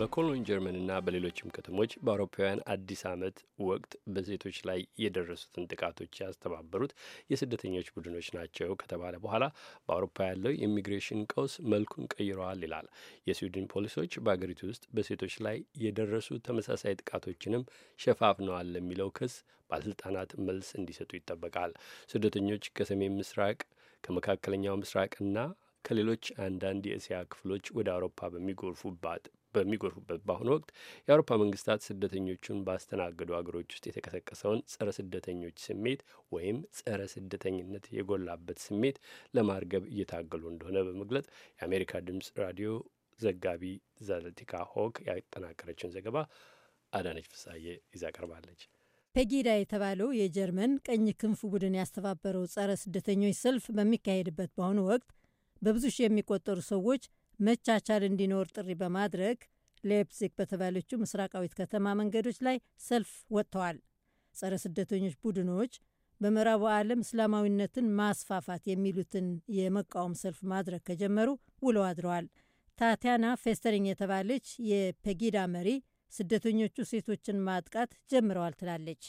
በኮሎን ጀርመንና በሌሎችም ከተሞች በአውሮፓውያን አዲስ ዓመት ወቅት በሴቶች ላይ የደረሱትን ጥቃቶች ያስተባበሩት የስደተኞች ቡድኖች ናቸው ከተባለ በኋላ በአውሮፓ ያለው የኢሚግሬሽን ቀውስ መልኩን ቀይረዋል ይላል። የስዊድን ፖሊሶች በአገሪቱ ውስጥ በሴቶች ላይ የደረሱ ተመሳሳይ ጥቃቶችንም ሸፋፍነዋል ለሚለው ክስ ባለስልጣናት መልስ እንዲሰጡ ይጠበቃል። ስደተኞች ከሰሜን ምስራቅ ከመካከለኛው ምስራቅና ከሌሎች አንዳንድ የእስያ ክፍሎች ወደ አውሮፓ በሚጎርፉባት በሚጎርፉበት በአሁኑ ወቅት የአውሮፓ መንግስታት ስደተኞቹን ባስተናገዱ አገሮች ውስጥ የተቀሰቀሰውን ጸረ ስደተኞች ስሜት ወይም ጸረ ስደተኝነት የጎላበት ስሜት ለማርገብ እየታገሉ እንደሆነ በመግለጽ የአሜሪካ ድምፅ ራዲዮ ዘጋቢ ዛለቲካ ሆክ ያጠናቀረችውን ዘገባ አዳነች ፍሳዬ ይዛ ቀርባለች። ፔጊዳ የተባለው የጀርመን ቀኝ ክንፍ ቡድን ያስተባበረው ጸረ ስደተኞች ሰልፍ በሚካሄድበት በአሁኑ ወቅት በብዙ ሺህ የሚቆጠሩ ሰዎች መቻቻል እንዲኖር ጥሪ በማድረግ ሌፕዚግ በተባለችው ምስራቃዊት ከተማ መንገዶች ላይ ሰልፍ ወጥተዋል። ጸረ ስደተኞች ቡድኖች በምዕራቡ ዓለም እስላማዊነትን ማስፋፋት የሚሉትን የመቃወም ሰልፍ ማድረግ ከጀመሩ ውለው አድረዋል። ታቲያና ፌስተሪንግ የተባለች የፔጊዳ መሪ ስደተኞቹ ሴቶችን ማጥቃት ጀምረዋል ትላለች።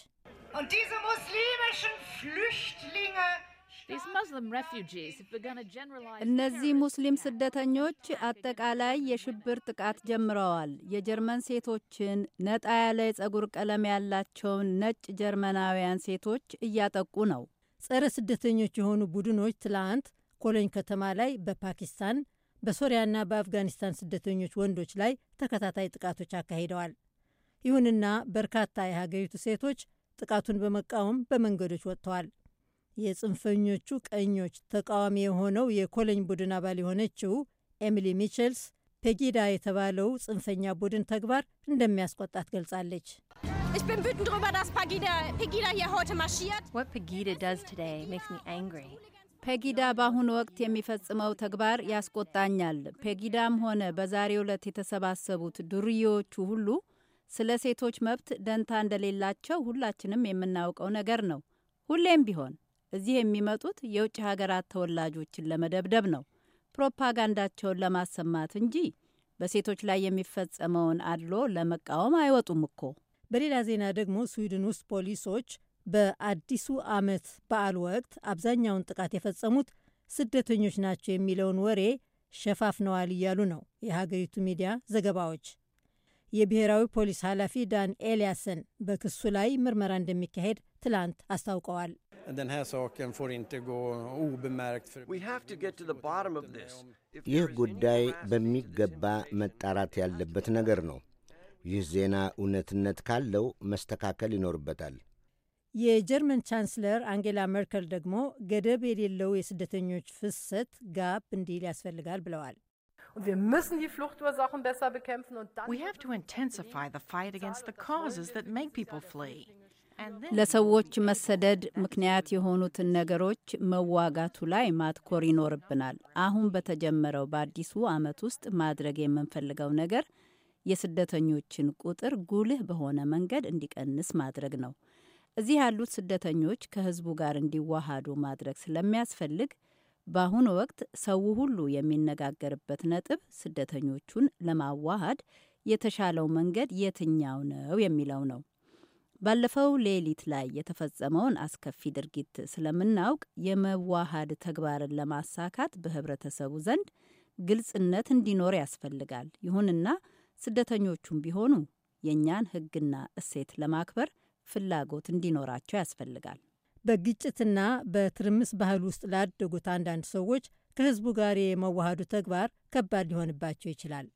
እነዚህ ሙስሊም ስደተኞች አጠቃላይ የሽብር ጥቃት ጀምረዋል። የጀርመን ሴቶችን፣ ነጣ ያለ የጸጉር ቀለም ያላቸውን ነጭ ጀርመናውያን ሴቶች እያጠቁ ነው። ጸረ ስደተኞች የሆኑ ቡድኖች ትላንት ኮሎኝ ከተማ ላይ በፓኪስታን በሶሪያና በአፍጋኒስታን ስደተኞች ወንዶች ላይ ተከታታይ ጥቃቶች አካሂደዋል። ይሁንና በርካታ የሀገሪቱ ሴቶች ጥቃቱን በመቃወም በመንገዶች ወጥተዋል። የጽንፈኞቹ ቀኞች ተቃዋሚ የሆነው የኮለኝ ቡድን አባል የሆነችው ኤሚሊ ሚቸልስ ፔጊዳ የተባለው ጽንፈኛ ቡድን ተግባር እንደሚያስቆጣት ገልጻለች። ፔጊዳ በአሁኑ ወቅት የሚፈጽመው ተግባር ያስቆጣኛል። ፔጊዳም ሆነ በዛሬው ዕለት የተሰባሰቡት ዱርዬዎቹ ሁሉ ስለ ሴቶች መብት ደንታ እንደሌላቸው ሁላችንም የምናውቀው ነገር ነው ሁሌም ቢሆን እዚህ የሚመጡት የውጭ ሀገራት ተወላጆችን ለመደብደብ ነው፣ ፕሮፓጋንዳቸውን ለማሰማት እንጂ በሴቶች ላይ የሚፈጸመውን አድሎ ለመቃወም አይወጡም እኮ። በሌላ ዜና ደግሞ ስዊድን ውስጥ ፖሊሶች በአዲሱ ዓመት በዓል ወቅት አብዛኛውን ጥቃት የፈጸሙት ስደተኞች ናቸው የሚለውን ወሬ ሸፋፍነዋል እያሉ ነው የሀገሪቱ ሚዲያ ዘገባዎች። የብሔራዊ ፖሊስ ኃላፊ ዳን ኤልያስን በክሱ ላይ ምርመራ እንደሚካሄድ ትላንት አስታውቀዋል። ይህ ጉዳይ በሚገባ መጣራት ያለበት ነገር ነው። ይህ ዜና እውነትነት ካለው መስተካከል ይኖርበታል። የጀርመን ቻንስለር አንጌላ መርከል ደግሞ ገደብ የሌለው የስደተኞች ፍሰት ጋብ እንዲል ያስፈልጋል ብለዋል። We have to intensify the fight against the causes that make people flee. ለሰዎች መሰደድ ምክንያት የሆኑትን ነገሮች መዋጋቱ ላይ ማትኮር ይኖርብናል። አሁን በተጀመረው በአዲሱ ዓመት ውስጥ ማድረግ የምንፈልገው ነገር የስደተኞችን ቁጥር ጉልህ በሆነ መንገድ እንዲቀንስ ማድረግ ነው። እዚህ ያሉት ስደተኞች ከህዝቡ ጋር እንዲዋሃዱ ማድረግ ስለሚያስፈልግ በአሁኑ ወቅት ሰው ሁሉ የሚነጋገርበት ነጥብ ስደተኞቹን ለማዋሃድ የተሻለው መንገድ የትኛው ነው የሚለው ነው። ባለፈው ሌሊት ላይ የተፈጸመውን አስከፊ ድርጊት ስለምናውቅ የመዋሃድ ተግባርን ለማሳካት በህብረተሰቡ ዘንድ ግልጽነት እንዲኖር ያስፈልጋል። ይሁንና ስደተኞቹም ቢሆኑ የእኛን ህግና እሴት ለማክበር ፍላጎት እንዲኖራቸው ያስፈልጋል። በግጭትና በትርምስ ባህል ውስጥ ላደጉት አንዳንድ ሰዎች ከህዝቡ ጋር የመዋሃዱ ተግባር ከባድ ሊሆንባቸው ይችላል።